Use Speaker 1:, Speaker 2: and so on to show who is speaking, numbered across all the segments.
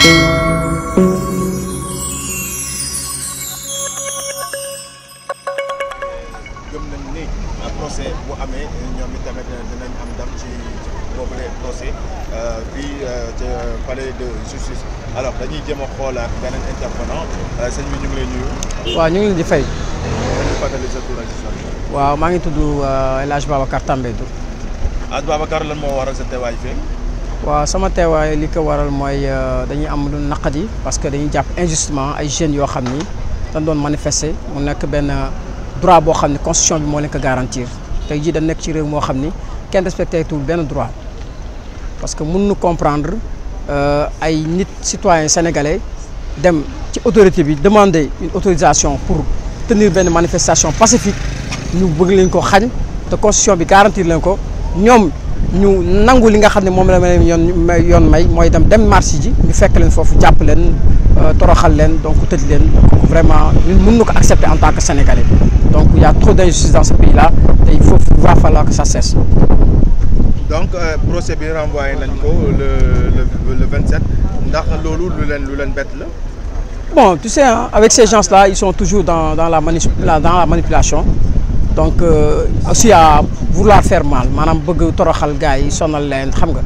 Speaker 1: gëm nañ ni procès bu amee ñoom itamit dinañ am ndam ci boobule procès euh, fii euh, ca palais de justice alors dañuy jëm a xoolaat beneen intervenant euh, sëñ bi ñu ngi lay nuyu. waaw ñu ngi
Speaker 2: leen di fay. waaw maa ngi tudd El Hadj Babacar Tambédou.
Speaker 1: Hadj Babacar lan moo waral sa teewaay fii.
Speaker 2: waaw sama teewaay li ko waral mooy euh, dañuy am lu naqadi parce que dañuy jàpp injustement ay jeunes yoo xam ni dañ doon manifester mu nekk benn droit boo xam ne constitution bi moo leen ko garantir tey jii dañ nekk ci réew moo xam ni kenn respecté tout benn droit parce que mun nu comprendre euh, ay nit citoyen sénégalais dem ci autorité bi demander une autorisation pour tenir benn manifestation pacifique ñu bëgg leen ko xañ te constitution bi garantir leen ko ñoom ñu nangu li nga xam ne moom la ma leen yoon yoon may mooy dem dem marché ji ñu fekk leen foofu jàpp leen euh, toroxal leen donc tëj leen vraiment ñun mën na ko accepter en tant que sénégalais donc il y a trop d'injustice dans ce pays là te il faut il va falloir que ça cesse.
Speaker 1: donc euh, procès bi renvoyé nañ ko le le le 27 ndax loolu lu leen lu leen bett la.
Speaker 2: bon tu sais avec ces gens là ils sont toujours dans dans la manip dans la manipulation. donc euh, aussi à vouloir faire mal maanaam bëgg toroxal gars yi sonal leen xam nga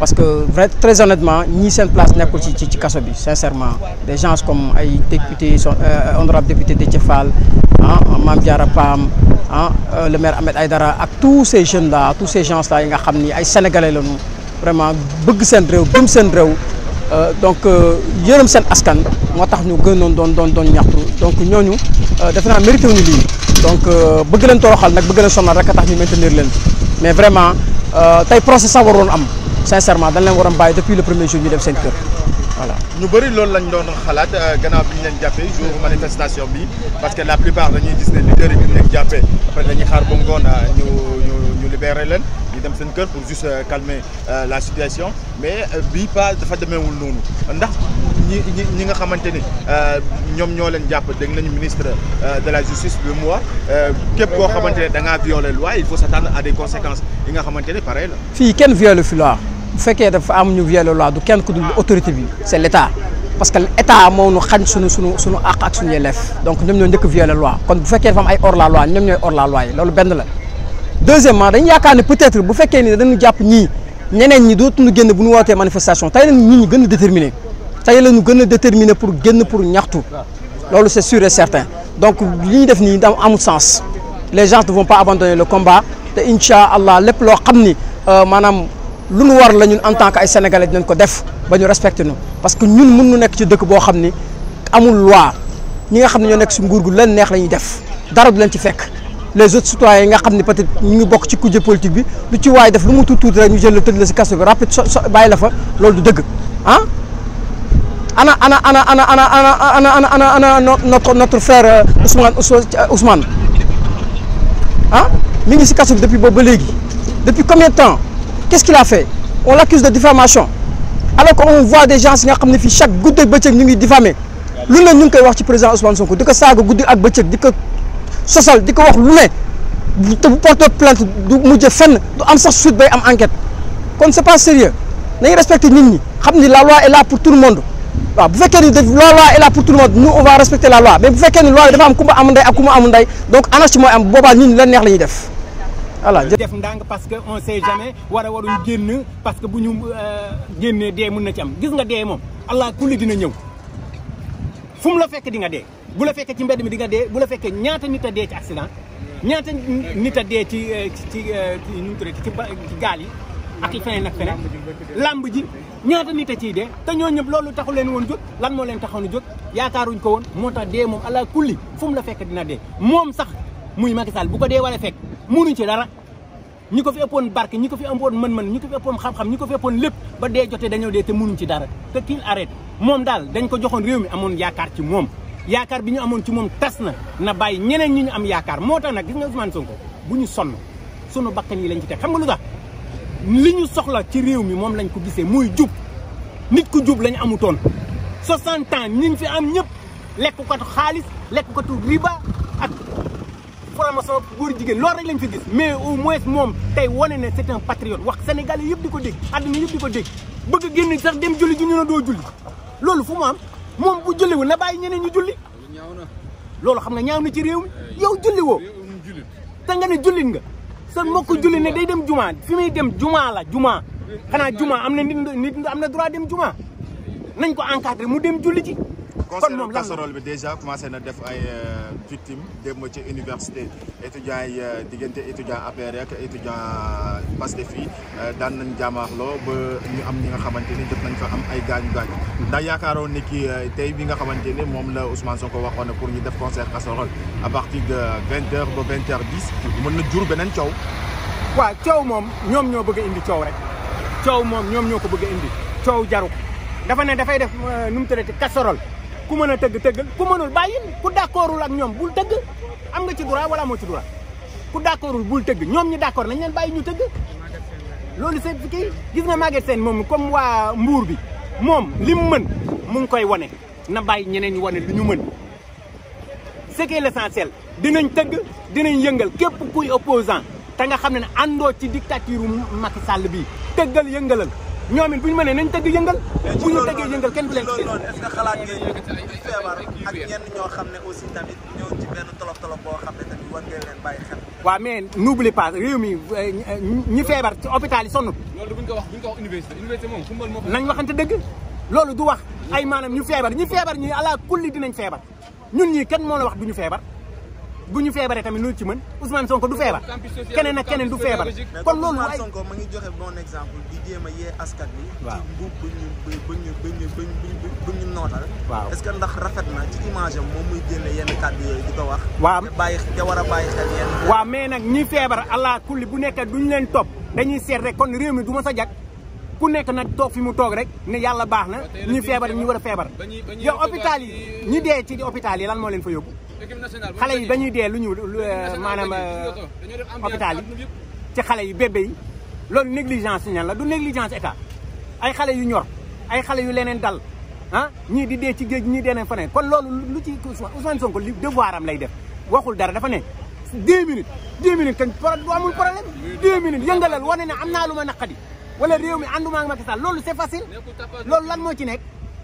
Speaker 2: parce que vrai très honnêtement ñii seen place nekkul ci ci kaso bi sincèrement des gens comme ay député son euh, euh, honorable député Déthié Fall ah Mame a Pam ah le maire Ahmed dara ak tous ces jeunes la tous ces gens yi nga xam ni ay sénégalais lañu vraiment bëgg seen réew gëm seen réew donc yërëm seen askan moo tax ñu gënoon doon doon doon ñaxtu donc ñooñu defe naa mérité wuñu lii. donc euh, bëgg leen toroxal nag bëgg leen sonal rek a tax ñu maintenir leen mais vraiment euh, tey procès sax waroon am sincèrement dañ leen waroon bàyyi depuis le premier jour ñu def seen kër voilà.
Speaker 1: ñu bëri loolu lañ doon xalaat euh, ganaar bi ñu leen jàppee jour manifestation bi parce que la plupart dañuy gis ne leader yi bi ñu leen jàppee après dañuy xaar ba ngoon ñu ñu ñu leen. dem seen kër pour juste euh, calmer euh, la situation mais euh, bii pas dafa demeewul noonu ndax ñi nga xamante ni ñoom ñoo leen jàpp dégg nañu ministre de la justice bi mu wax képp koo xamante ne da ngaa violer loi il faut s'attendre à des conséquences yi nga xamante ne pareil la.
Speaker 2: fii kenn viole fi loi bu fekkee dafa am ñu violer loi du kenn ku dul autorité bi c'est l'État. parce que état moo nu xañ sunu suñu suñu àq ak suñu yelleef donc ñoom ñoo njëkk violer loi kon bu fekkee dafa am ay hors la loi ñoom ñooy hors loolu benn la deuxièmement dañu yaakaar ne peut-être bu fekkee ni dañu jàpp ñii ñeneen ñi dootuñu génn bu ñu wootee manifestation tey la ñi ñi gën a déterminé tey la ñu gën a déterminé pour génn pour ñaxtu loolu c'est sure et certain donc li ñu def nii da amul sens les gens ne vont pas abandonner le combat te incha allah lépp loo xam ni euh, maanaam lu nu war la ñun en tant que ay sénégalais dinañ ko def ba ñu respecté ñu parce que ñun mun nu nekk ci dëkk boo xam ni amul loi ñi nga xam ne ñoo nekk si nguur gu leen neex la ñuy def dara du leen ci fekk. les autres citoyens yi nga xam ni peut-être ñu ngi bokk ci kujje politique bi lu ci waay def lu mu tuut tuuti rek ñu jël la tëj la si kaso bi rapide so bàyyi la fa loolu ah. ana ana ana ana ana mi ngi si kaso bi depuis boobu ba léegi depuis combien de temps qu'est-ce qu'il a fait on l'accuse de diffamation alors qu'on voit des gens yi nga xam ne fii chaque guddeeg bëccëg ñu ngi diffamé lu ne ñu ngi koy wax ci président Ousmane Sonko di ko saaga guddi ak bëccëg di sosal di ko wax lu ne te bu porté plainte du mujj fenn du am sax suite bay am enquête kon c'est pas sérieux nañu respecter nit ñi xam ni la loi est là pour tout le monde waaw bu fekkee ni la loi est là pour tout le monde nous on va respecter la loi mais bu fekkee ni loi bi dafa am ku am ndey ak ku ma ndey donc anarchie mooy am boobaa nit ñi leen neex la ñuy def voilà. def
Speaker 3: ndànk parce que on sait jamais wara a waruñ génn parce que bu ñu euh, génnee de mën na ci am gis nga dee moom allah kulli dina ñëw fu mu la fekk di nga dee. bu la fekkee ci mbedd mi di nga dee bu la fekkee ñaata nit a dee ci accident ñaata nit a dee ci eh, eh, ci nu mu tuddati ci gaal yi ak feneen ak feneen làmb ji ñaata nit a ciy dee te ñoo ñëpp loolu taxu leen woon jóg lan moo leen taxoon jóg yaakaaruñ ko woon moo tax dee moom ala kulli fu la fekk dina dee moom sax muy Macky Sall bu ko dee wala fekk munuñ ci dara ñi ko fi ëppoon barke ñi ko fi ëppoon mën-mën ñi ko fi ëppoon xam ko fi lépp ba dee jotee dañoo dee te munuñ ci dara te kiil arrête moom daal dañ ko joxoon réew mi amoon yaakaar ci moom yaakaar bi ñu amoon ci moom tas na na bàyyi ñeneen ñi ñu am yaakaar moo tax nag gis nga soon Sonko bu ñu sonn sunu bakkan yi lañ ci teg xam nga lu tax li ñu soxla ci réew mi moom lañ ko gisee muy jub nit ku jub lañ amutoon 60 ans ñi fi am ñëpp lekkukatu xaalis lekkukatu riba ak formation góor jigéen loolu rek lañ fi gis. mais au moins moom tey wane ne c'est un patriote wax Sénégalais yëpp di ko dégg àdduna yëpp di ko dégg bëgg génn sax dem julli ju ñu ne doo julli loolu fu mu moom bu julliwul na bàyyi ñeneen ñu julli loolu xam nga ñaaw na ci réew mi yow julli woo te nga ne jullit nga sa mbokk julli ne day dem jumaa fi muy dem jumaa la jumaa xanaa jumaa am na nit nit am na droit dem jumaa nañ ko encadré mu dem julli ci
Speaker 1: kon moom lan casserole bi déjà commencé na def ay euh, victimes de ci université étudiants yi euh, diggante étudiants APR ak étudiants Pastef fii euh, daan nañ jaamaaxloo ba ñu am ñi nga xamante ne jot nañ fa am ay gaañu gaañu. ndax yaakaaroon ni ki tey bi nga xamante ne moom la Ousmane Sonko waxoon na pour ñu def concert casserole à partir de vingt heures ba vingt heures dix. mën na jur beneen coow.
Speaker 3: waaw coow moom ñoom ñoo bëgg indi coow rek coow moom ñoom ñoo ko bëgg a indi coow jaru dafa dafay def nu mu tuddati casserole. ku mën a tëgg tëggal ku mënul bàyyil ku d'accordul ak ñoom bul tëgg am nga ci droit wala amoo ci droit ku d'accordul bul tëgg ñoom ñi d'accord nañ leen bàyyi ñu tëgg loolu seen fi kii gis nga Maguette seen moom comme waa mbuur bi moom li mu mën mu ngi koy wane na bàyyi ñeneen ñu wane lu ñu mën ce qui dinañ tëgg dinañ yëngal képp kuy opposant te nga xam ne ne àndoo ci dictature Macky Sall bi tëggal yëngalal ñoom it bu ñu mënee nañ tëgg yëngal. bu ñu tëggee yëngal kenn du leen si. loolu est-ce
Speaker 1: que xalaat ngeen
Speaker 3: feebar xam ne aussi tamit ñëw ci benn tolof tolof boo xam ne mi euh, ñi feebar ci hôpital yi sonn. loolu buñ ko wax buñ ko wax université université moom kumbal moo nañ waxante dëgg loolu du wax ay maanaam ñu feebar ñi feebar ñi ala kulli dinañ feebar ñun ñii kenn moo la wax du ñu feebar bu ñu feebaree tamit lu ci mën Ousmane Sonko du feebar keneen ak keneen du feebar kon loolu ay Sonko ma ngi
Speaker 1: joxe bon exemple di jéem a
Speaker 3: yee askan bi waaw ci bu ñu bu ñu bu ñu bu ñu waaw est que ndax rafet na ci image moom muy génne yenn kàddu yooyu di ko wax waaw bàyyi war a waaw mais nag ñi feebar allah kulli bu nekk duñu leen topp dañuy seet rek kon réew mi du ma sa jag ku nekk nag toog fi mu toog rek ne yàlla baax na ñi feebar ñi war a feebar yow hôpital yi ñi dee ci hôpital yi lan moo leen fa yóbbu
Speaker 4: xale yi ba ñuy dee lu ñu maanaam euh,
Speaker 3: hôpital yi ci xale yi bébé yi loolu négligence ñan la du négligence état ay xale yu ñor ay xale yu leneen dal ah ñii di dee ci géej ñii dee nañ fa ne kon loolu lu ci Ousmane Sonko li devoir am lay def waxul dara dafa ne 10 minutes 10 minutes kañ amul problème 10 minutes yëngalal wane ne am naa lu ma naqadi wala réew mi ànduma ak Macky Sall loolu c'est facile loolu lan moo ci nekk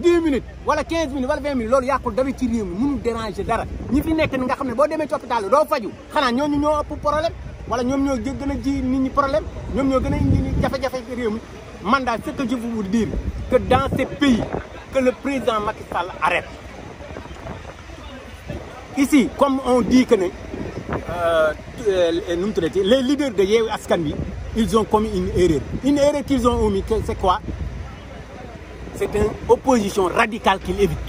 Speaker 3: 10 minutes wala 15 minutes wala 20 minutes loolu yàqul dara ci réew mi mënul déranger dara ñi fi nekk ni nga xam ne boo demee ci hôpital doo faju xanaa ñooñu ñoo ëpp problème wala ñoom ñoo gën a ji nit ñi problème ñoom ñoo gën a indi jafe-jafe réew mi man daal ce que je veux vous dire que dans ce pays que le président Macky Sall arrête ici comme on dit que ne euh, nu mu les leaders de Yewwi Askan bi ils ont commis une erreur une erreur qu'ils ont omis c'est quoi c'est une opposition radicale qu'il évite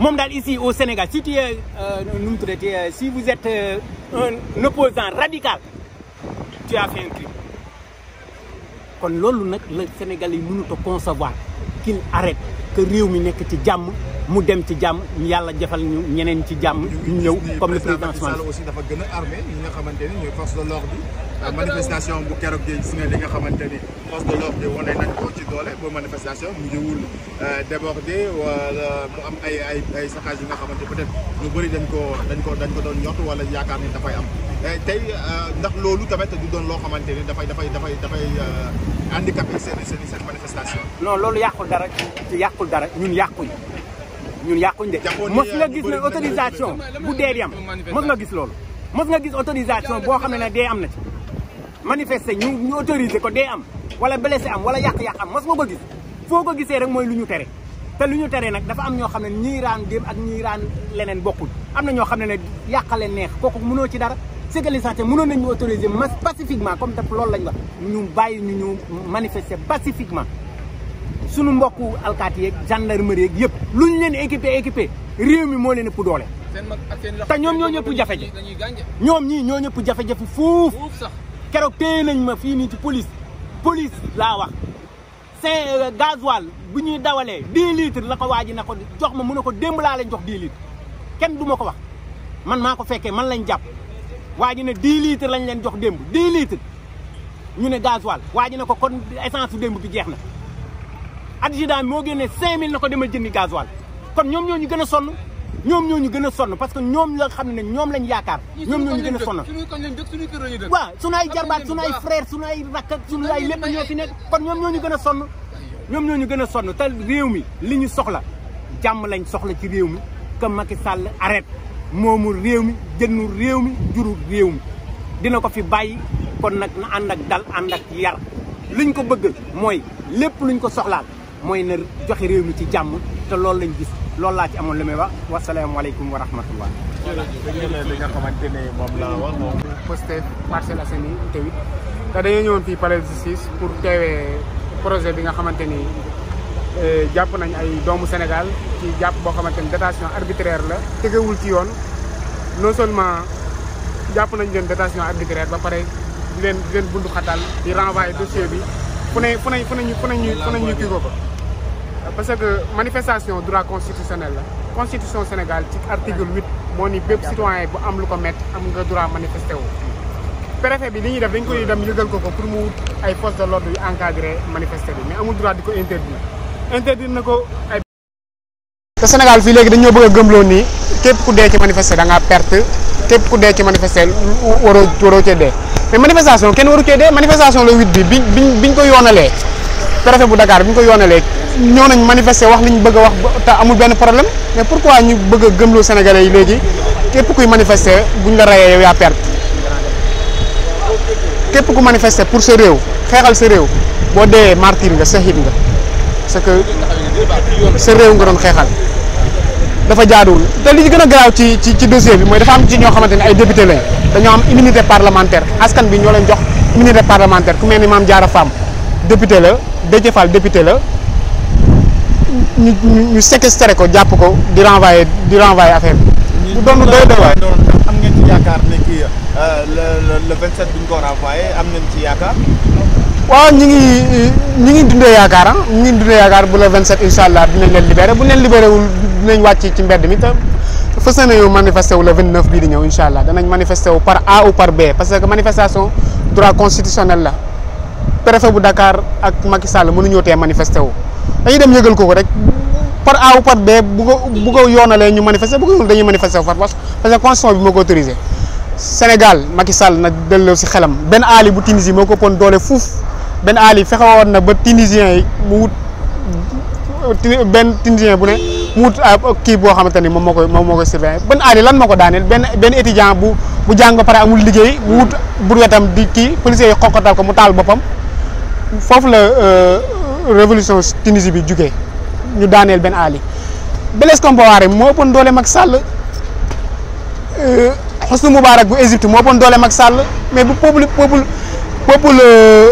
Speaker 3: moom daal ici au Sénégal si tu es euh, nu mu tuddati euh, si vous êtes euh, un opposant radical tu as fait un kon loolu nag la Sénégal yi mënut a concevoir qu'il arrête que réew mi nekk ci jàmm mu dem ci jàmm yàlla jafal ñu ñeneen ci jàmm ñu ñëw comme le président aussi
Speaker 1: dafa gën a armé ñi nga xamante ni ñooy force de l'ordre bi manifestation bu keroog gi gis nga li nga xamante ni force de l'ordre bi wane nañ ko ci doole ba manifestation mu jëwul euh, débordé wala mu am ay ay ay saccage yi nga xamante peut-être ñu bari dañ ko dañ ko dañ ko doon ñort wala yaakaar ni dafay am Eh, tey euh, ndax loolu tamit du doon loo xamante ne dafay dafay dafay dafay euh, handicapé seen seen seen
Speaker 3: manifestation. non loolu yàqul dara yàqul dara ñun yàquñu ñun yàquñu de. mos nga euh, gis ne autorisation bu dee di am mos nga gis loolu. mos nga gis autorisation boo xam ne ne dee am na ci manifester ñu ñu autoriser ko dee am wala blessé am wala yàq-yàq am mos nga ko gis foo ko gisee rek mooy lu ñu tere. te lu ñu teree nag dafa am ñoo xam ne ñiiraan dem ak ñiiraan leneen bokkul am na ñoo xam ne ne yàq leen neex kooku mënoo ci dara. sécularisation mënoon nañ ñu autoriser mas pacifiquement comme def loolu lañ wax ñu bàyyi ñu ñu manifester pacifiquement suñu mbokku alkaati yeeg gendarmerie yeeg yëpp lu ñu leen équipé équipé réew mi moo leen ëpp doole
Speaker 1: te ñoom ñoo ñëpp jafe-jafe
Speaker 3: ñoom ñii ñoo ñëpp jafe-jafe fuuf keroog téye nañ ma fii nii ci police police laa wax c'est euh, gasoil bu ñuy dawalee 10 litres la ko waa ji na ko jox ma mu ne ko démb laa leen jox 10 litres kenn du ma ko wax man maa ko fekkee man lañ jàpp waa ji ne 10 litres lañ leen jox démb 10 litres ñu ne gasoil waa ji ne ko kon essence su démb bi jeex na adjudant moo génne 5000 na ko demal jëndi gasoil kon ñoom ñoo ñu gën a ñoom ñoo ñu gën a sonn parce que ñoom la xam ne ñoom lañ yaakaar. ñoom ñoo ñu gën a sonn waaw sunu ay jarbaat sunu ay frère sunu ay rakk ak sunu ay lépp ñoo fi nekk kon ñoom ñoo gën a sonn. ñoom ñoo ñu gën a sonn te réew mi li ñu soxla jàmm lañ soxla ci réew mi que Macky Sall arrête. moomu réew mi jënnul réew mi juru réew mi dina ko fi bàyyi kon nag na ànd ak dal ànd ak yar luñ ko bëgg mooy lépp luñ ko soxlaal mooy na joxe réew mi ci jàmm te loolu lañ gis loolu laa ci amoon li may wax wasalaamaaleykum wa rahmatullah
Speaker 1: jërëjëf li nga xamante ne moom la wax moom Pastef
Speaker 4: Parcelles Assainies te dañoo ñëwoon fii palais si pour teewee projet bi nga xamante ni Euh, jàpp nañ ay doomu Sénégal ci jàpp boo xamante ni détention arbitraire la tegewul ci yoon non seulement jàpp nañ leen détention arbitraire ba pare di leen di leen bundu xatal di renvoyer dossier bi fu ne fu ne fu nañu fu nañu fu nañu kii ko parce que manifestation droit constitutionnel la constitution Sénégal ci article huit moo ni bépp citoyen bu am lu ko métti am nga droit manifesté wu préfet bi li ñuy def dañ koy dem yëgal ko ko pour mu ay force de l'ordre yu encadré manifesté bi mais amul droit di interdire na ko ay. te Sénégal fii léegi dañoo bëgg a gëmloo nii képp ku dee ci manifester da ngaa perte képp ku dee ci manifester waroo waroo cee dee mais manifestation kenn waru cee dee manifestation le huit bi bi bi ñu ko yoonalee préfet bu Dakar bi ñu ko yoonalee ñoo nañ manifester wax li ñu bëgg wax te amul benn problème mais pourquoi ñu bëgg a gëmloo Sénégalais yi léegi képp kuy manifester ñu la rayee yow yaa perte képp ku manifester pour sa réew xeexal sa réew boo dee martyr nga sahid nga. c'est que sa réew nga doon xeexal dafa jaaduwul te li gën a garaaw ci ci ci dossier bi mooy dafa am ci ñoo xamante ni ay député lañ dañoo am immunité parlementaire askan bi ñoo leen jox immunité parlementaire ku mel ni Mame Diarra Fam député la Déthié Fall député la ñu ñu ñu ko jàpp ko di renvoyer di renvoyer affaire bi.
Speaker 1: bu doon doy doy waay am ngeen ci yaakaar ne kii euh, le le 27 bi ñu ko renvoyé am ngeen ci yaakaar.
Speaker 4: waaw ñi ngi ñi ngi dundee yaakaar ah ñi ngi dundee yaakaar bu la 27 incha allah dinañ leen libéré bu leen libéré wul dinañ wàcc ci mbedd mi te fas nañoo manifesté wu le 29 bii di ñëw incha allah danañ manifesté par A ou par B parce que manifestation droit constitutionnel la préfet bu Dakar ak Macky Sall mënuñoo tee manifesté wu. dañuy dem yëgal ko ko rek par A ou par B bu ko bu yoonalee ñu manifesté bu ko yoonal dañuy manifesté wu par parce que constitution bi moo delloo si xelam benn aali bu Tunisie moo ko pon doole fuuf. Ben Ali fexe na ba tunisien yi mu wut benn tunisien bu ne mu wut kii boo xamante ni moom moo koy moom moo koy surveiller Ben Ali lan moo ko daaneel benn benn étudiant bu bu jàng ba pare amul liggéey mu wut burwetam di kii policiers yi xoqatal ko mu taal boppam foofu la euh, révolution Tunisie bi jugee ñu daaneel Ben Ali Blaise Compaoré moo ëppoon doole Macky Sall euh, Hosni Moubarak bu Égypte moo ëppoon doole Macky Sall mais bu peuple peuple peuple euh,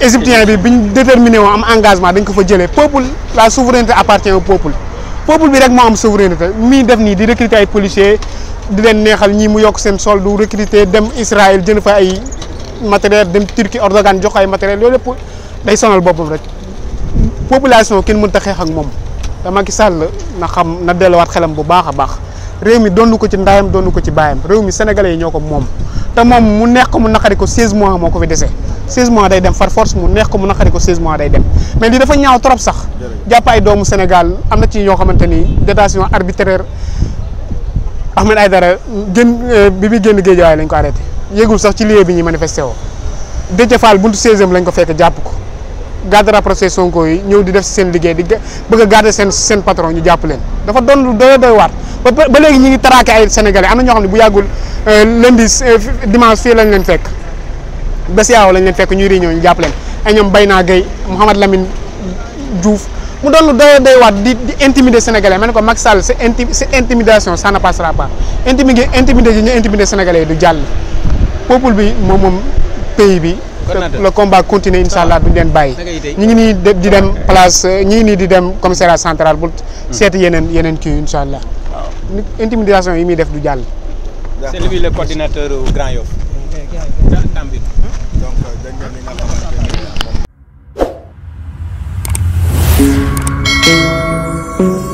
Speaker 4: égyptien bi ñu déterminé woo am engagement dañ ko fa jëlee peuple la souveraineté appartient au peuple peuple bi rek moo am souveraineté mii def nii di recruter ay policiers di leen neexal ñii mu yokk seen sol du recruter dem Israël jël fa ay matériel dem Turquie Erdogan jox ay matériel yooyu lépp day sonal boppam rek population kenn mënut a xeex ak moom dama ki sàll na xam na delluwaat xelam bu baax a baax réew mi donnu ko ci ndaayam donnu ko ci baayam réew mi sénégalais yi ñoo ko moom te moom mu neex ko naqari ko 16 mois moo ko fi dese. 16 mois day dem far force mu neex ko mu naqari ko 16 mois day dem mais lii dafa ñaaw trop sax jàpp ay doomu Sénégal am na ci ñoo xamante ni détention arbitraire Ahmed Aïdara génn euh, bi muy génn géej waaye lañ ko arrêté yéegul sax ci lieu bi ñuy manifesté woo Déthié Fall buntu 16e lañ ko fekk jàpp ko garde rapproché Sonko yi ñëw di def seen liggéey di bëgg a seen seen patron ñu jàpp leen dafa doon lu doy ñu ngi traqué ay sénégalais am na ñoo xam ne bu yàggul euh, lundi euh, dimanche fii lañ leen fekk bés yaaw lañ leen fekk ñuy réunion ñu jàpp leen ay ñoom Bayna Gueye Mouhamad Lamine Diouf mu doon lu doy doy waat di di intimider sénégalais ma ne ko Macky Sall c'est intimidation ça ne passera pas intimider intimider gi ñu intimider sénégalais du jàll peuple bi moom moom pays bi le combat continue incha allah duñ leen bàyyi ñu ngi nii di dem place ñu ngi nii di dem commissariat central bu hmm. seet yeneen yeneen kii incha allah intimidation yi muy def du jàll
Speaker 3: c'est lui le coordinateur Grand mi nga xamante ni moom